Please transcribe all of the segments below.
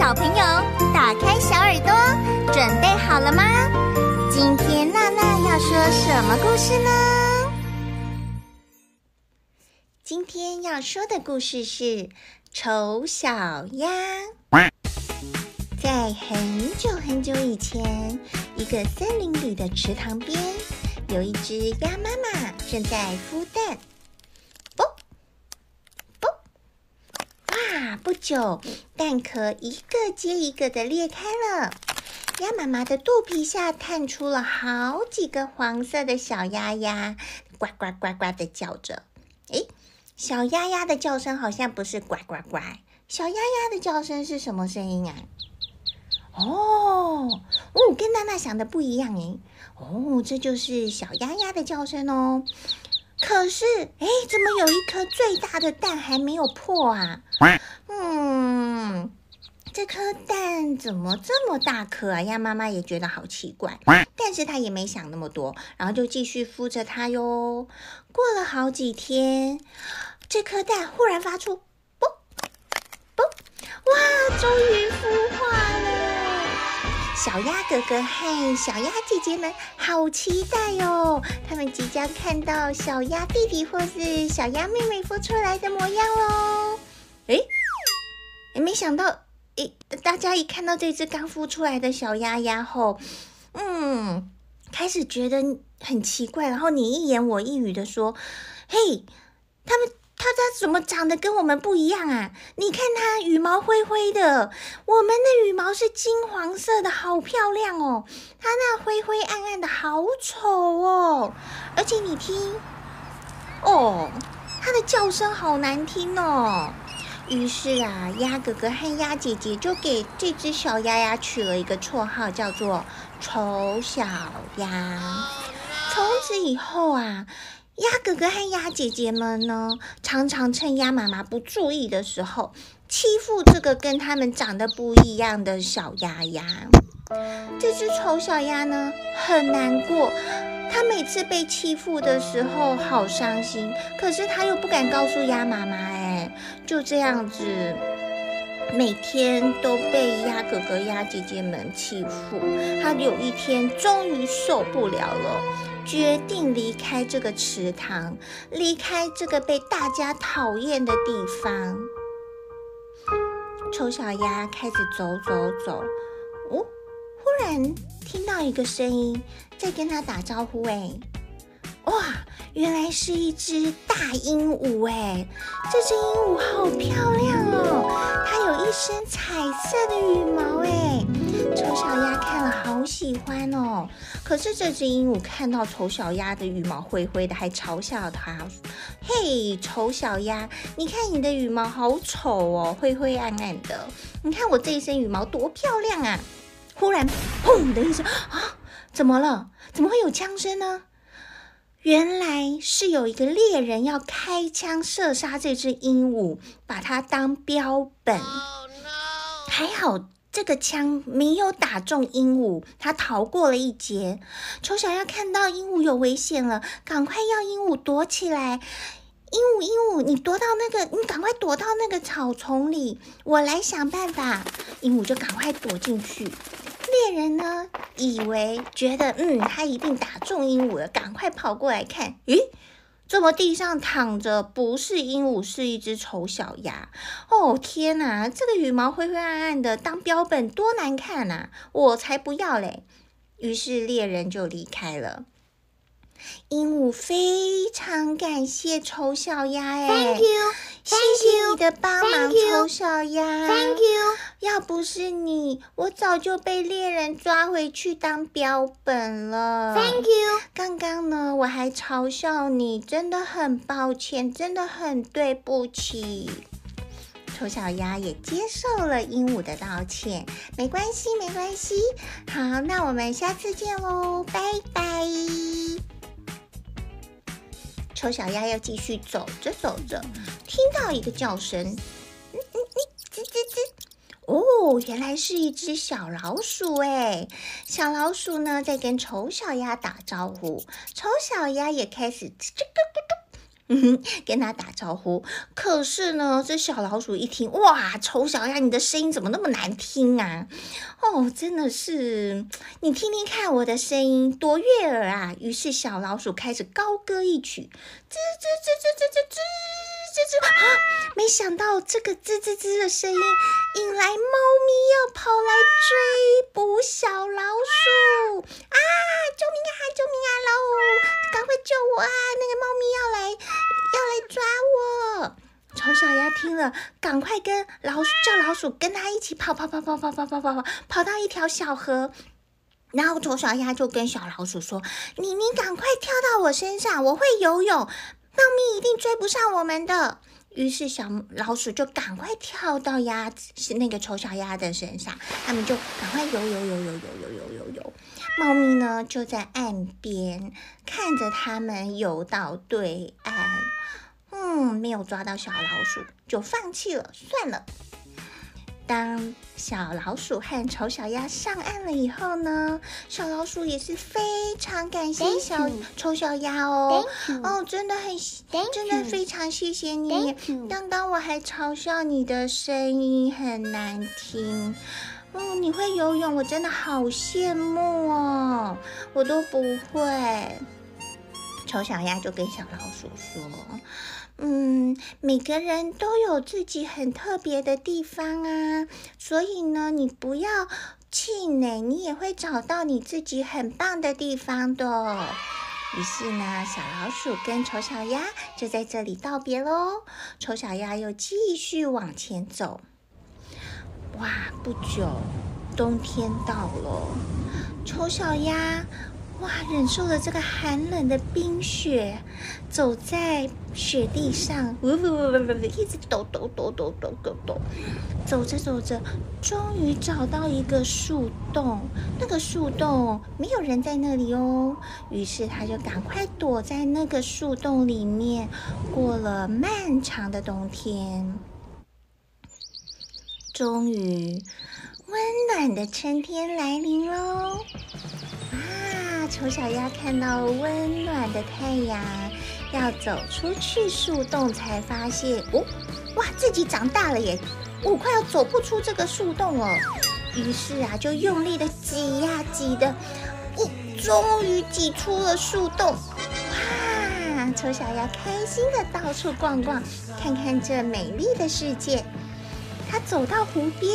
小朋友，打開小耳朵，準備好了嗎？今天娜娜要說什麼故事呢？今天要說的故事是《醜小鴨》。在很久很久以前，一個森林裡的池塘邊，有一隻鴨媽媽正在孵蛋。不久，蛋殼一個接一個的裂開了，鴨媽媽的肚皮下探出了好幾個黃色的小鴨鴨，呱呱呱呱的叫着。哎，小鴨鴨的叫聲好像不是呱呱呱，小鴨鴨的叫聲是什麼聲音啊？哦，哦，跟娜娜想的不一樣哎，哦，這就是小鴨鴨的叫聲哦。可是，哎，怎麼有一顆最大的蛋還沒有破啊？嗯，這顆蛋怎麼這麼大顆啊？鴨媽媽也覺得好奇怪，但是她也沒想那麼多，然後就繼續孵着它喲。過了好幾天，這顆蛋忽然發出“啵啵”，哇，終於孵了！小鴨哥哥和小鴨姐姐們好期待喲、哦！他們即將看到小鴨弟弟或是小鴨妹妹孵出來的模樣嘍。誒，沒想到，哎，大家一看到這隻剛孵出來的小鴨鴨後，嗯，開始覺得很奇怪，然後你一言我一語的說，嘿，他們。他家怎麼長得跟我們不一樣啊？你看它羽毛灰灰的，我們的羽毛是金黃色的，好漂亮哦。它那灰灰暗暗的，好醜哦。而且你聽，哦，它的叫聲好難聽哦。於是啊，鴨哥哥和鴨姐姐就給這只小鴨鴨取了一個綽號，叫做醜小鴨。從此以後啊。鴨哥哥和鴨姐姐們呢，常常趁鴨媽媽不注意的時候欺負這個跟他們長得不一樣的小鴨鴨。這隻醜小鴨呢，很難過。它每次被欺負的時候，好傷心。可是它又不敢告訴鴨媽媽，哎，就這樣子。每天都被鴨哥哥、鴨姐姐們欺負，他有一天終於受不了了，決定離開這個池塘，離開這個被大家討厭的地方。醜小鴨開始走走走，哦，忽然聽到一個聲音在跟他打招呼誒，哎。原來是一隻大鸚鵡哎，這隻鸚鵡好漂亮哦，它有一身彩色的羽毛哎。醜小鴨看了好喜歡哦，可是這隻鸚鵡看到醜小鴨的羽毛灰灰的，還嘲笑它。嘿，醜小鴨，你看你的羽毛好醜哦，灰灰暗暗的。你看我這一身羽毛多漂亮啊！忽然，砰的一聲，啊，怎麼了？怎麼會有槍聲呢？原來是有一個獵人要開槍射殺這只鸚鵡，把它當標本。還好這個槍沒有打中鸚鵡，它逃過了一劫。醜小鴨看到鸚鵡有危險了，趕快要鸚鵡躲起來。鸚鵡，鸚鵡，你躲到那個，你趕快躲到那個草叢裡，我來想辦法。鸚鵡就趕快躲進去。獵人呢？以為覺得嗯，他一定打中鸚鵡了，趕快跑過來看。咦，怎麼地上躺着，不是鸚鵡，是一隻醜小鴨。哦天哪，這個羽毛灰灰暗暗的，當標本多難看吶，啊！我才不要嘞。於是獵人就離開了。鸚鵡非常感謝醜小鴨，哎，Thank you，謝謝你的幫忙，醜小鴨。Thank you，要不是你，我早就被獵人抓回去當標本了。Thank you，剛剛呢，我還嘲笑你，真的很抱歉，真的很對不起。醜小鴨也接受了鸚鵡的道歉，沒關係，沒關係。好，那我們下次見嘍，拜拜。醜小鴨要繼續走着走着，聽到一個叫聲，嗯嗯嗯，吱吱吱，哦，原來是一隻小老鼠誒，小老鼠呢在跟醜小鴨打招呼，醜小鴨也開始吱吱咯咯咯。嗯哼，跟他打招呼。可是呢，這小老鼠一聽，哇，醜小鴨，你的聲音怎麼那麼難聽啊？哦，真的是，你聽聽看，我的聲音多悅耳啊！於是小老鼠開始高歌一曲，吱吱吱吱吱吱吱。吱吱啊！沒想到這個吱吱吱的聲音引來貓咪要跑來追捕小老鼠啊！救命啊！救命啊！老五，趕快救我啊！那個貓咪要來要來抓我！醜小鴨聽了，趕快跟老鼠叫老鼠，跟他一起跑跑跑跑跑跑跑跑，跑到一條小河，然後醜小鴨就跟小老鼠說：“你你趕快跳到我身上，我會游泳。”貓咪一定追不上我們的，於是小老鼠就趕快跳到鴨子，是那個醜小鴨的身上。他們就趕快游游游游游游游游游。貓咪呢就在岸邊看着他們游到對岸，嗯，沒有抓到小老鼠，就放棄了，算了。當小老鼠和醜小鴨上岸了以後呢，小老鼠也是非常感謝小 Thank you. 醜小鴨哦，Thank you. 哦，真的很，Thank you. 真的非常謝謝你。剛剛 Thank you. 我還嘲笑你的聲音很難聽，嗯、哦，你會游泳，我真的好羨慕哦，我都不會。醜小鴨就跟小老鼠說。嗯，每個人都有自己很特別的地方啊，所以呢，你不要氣餒，你也會找到你自己很棒的地方的哦。於是呢，小老鼠跟醜小鴨就在這裡道別嘍。醜小鴨又繼續往前走。哇，不久冬天到了，醜小鴨。哇！忍受了這個寒冷的冰雪，走在雪地上，不不不不一直抖抖抖抖抖抖抖，走着走着，終於找到一個樹洞。那個樹洞沒有人在那裡哦，於是他就趕快躲在那個樹洞裡面，過了漫長的冬天。終於，溫暖的春天來臨嘍！醜小鴨看到溫暖的太陽，要走出去樹洞，才發現，哦，哇，自己長大了耶！我、哦、快要走不出這個樹洞哦。於是啊，就用力的擠呀擠的，哦，終於擠出了樹洞。哇！醜小鴨開心的到處逛逛，看看這美麗的世界。它走到湖邊，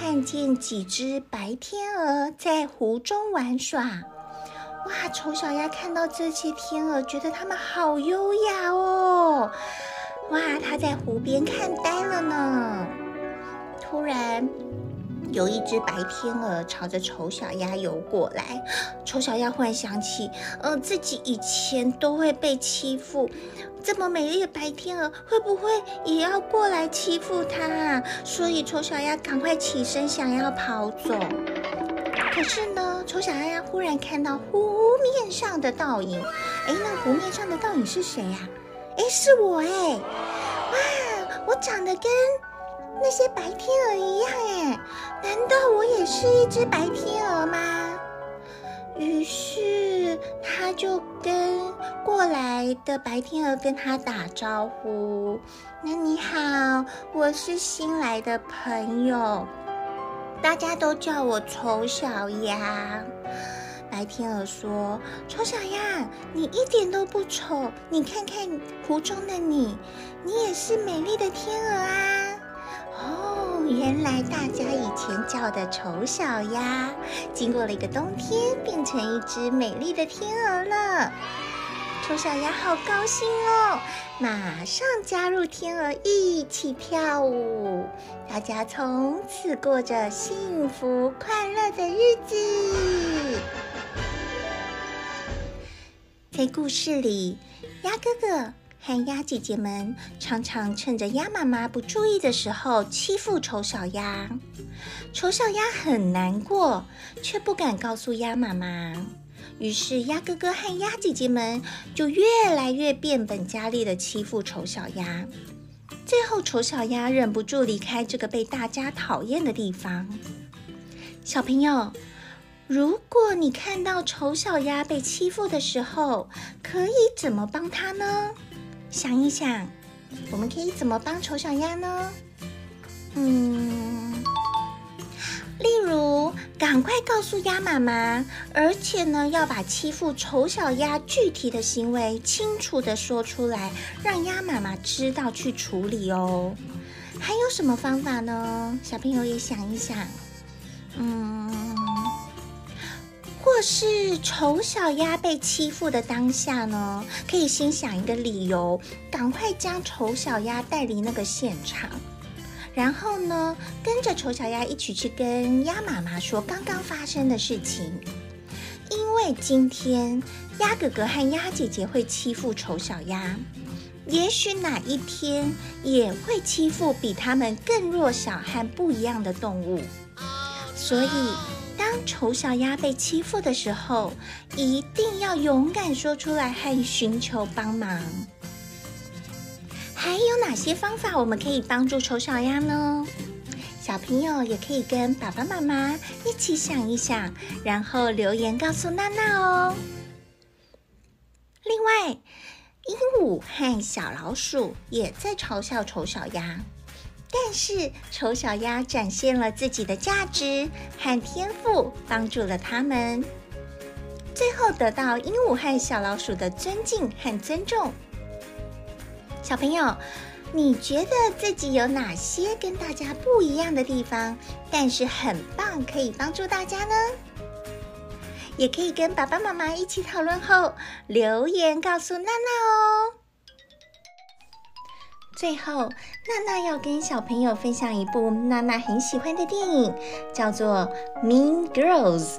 看見幾隻白天鵝在湖中玩耍。哇！醜小鴨看到這些天鵝，覺得它們好優雅哦。哇！它在湖邊看呆了呢。突然，有一只白天鵝朝着醜小鴨游過來。醜小鴨幻想起，嗯、呃，自己以前都會被欺負，這麼美麗的白天鵝會不會也要過來欺負它？所以，醜小鴨趕快起身想要跑走。可是呢，醜小鴨忽然看到湖面上的倒影，哎，那湖面上的倒影是誰呀、啊？哎，是我哎！哇，我長得跟那些白天鵝一樣哎，難道我也是一隻白天鵝嗎？於是，他就跟過來的白天鵝跟他打招呼：“那你好，我是新來的朋友。”大家都叫我醜小鴨。白天鵝說：“醜小鴨，你一點都不醜，你看看湖中的你，你也是美麗的天鵝啊！”哦，原來大家以前叫的醜小鴨，經過了一個冬天，變成一隻美麗的天鵝了。醜小鴨好高興哦，馬上加入天鵝一起跳舞。大家從此過着幸福快樂的日子。在故事裡，鴨哥哥和鴨姐姐們常常趁着鴨媽媽不注意的時候欺負醜小鴨，醜小鴨很難過，卻不敢告訴鴨媽媽。於是，鴨哥哥和鴨姐姐們就越來越變本加厲地欺負醜小鴨。最後，醜小鴨忍不住離開這個被大家討厭的地方。小朋友，如果你看到醜小鴨被欺負的時候，可以怎麼幫他呢？想一想，我們可以怎麼幫醜小鴨呢？嗯。例如，趕快告訴鴨媽媽，而且呢，要把欺負醜小鴨具體的行為清楚的說出來，讓鴨媽媽知道去處理哦。還有什麼方法呢？小朋友也想一想。嗯，或是醜小鴨被欺負的當下呢，可以先想一個理由，趕快將醜小鴨帶離那個現場。然後呢，跟着醜小鴨一起去跟鴨媽媽說剛剛發生的事情。因為今天鴨哥哥和鴨姐姐會欺負醜小鴨，也許哪一天也會欺負比他們更弱小和不一樣的動物。所以，當醜小鴨被欺負的時候，一定要勇敢說出來，和尋求幫忙。還有哪些方法我們可以幫助醜小鴨呢？小朋友也可以跟爸爸媽媽一起想一想，然後留言告訴娜娜哦。另外，鸚鵡和小老鼠也在嘲笑醜小鴨，但是醜小鴨展現了自己的價值和天賦，幫助了他們，最後得到鸚鵡和小老鼠的尊敬和尊重。小朋友，你覺得自己有哪些跟大家不一樣的地方，但是很棒，可以幫助大家呢？也可以跟爸爸媽媽一起討論後留言告訴娜娜哦。最後，娜娜要跟小朋友分享一部娜娜很喜歡的電影，叫做《Mean Girls》。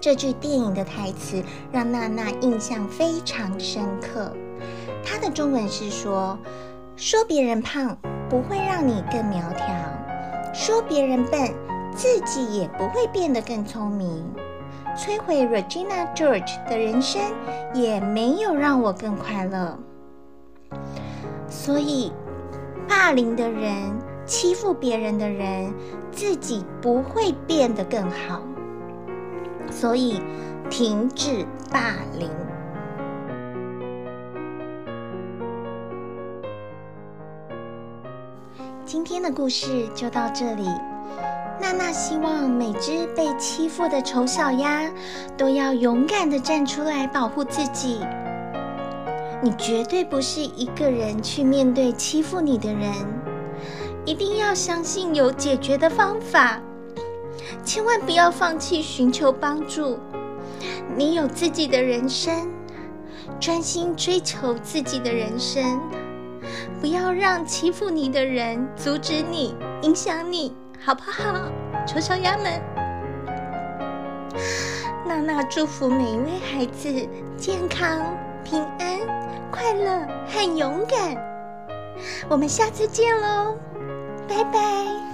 這句電影的台詞讓娜娜印象非常深刻。她的中文是說：“說別人胖不會讓你更苗條，說別人笨自己也不會變得更聰明，摧毀 Regina George 的人生也沒有讓我更快樂。”所以，霸凌的人、欺負別人的人，自己不會變得更好。所以，停止霸凌。今天的故事就到這裡。娜娜希望每隻被欺負的醜小鴨都要勇敢的站出來保護自己。你絕對不是一個人去面對欺負你的人，一定要相信有解決的方法。千萬不要放棄尋求幫助。你有自己的人生，專心追求自己的人生，不要讓欺負你的人阻止你、影響你，好不好，醜小鴨們？娜娜祝福每一位孩子健康、平安、快樂和勇敢。我們下次見嘍，拜拜。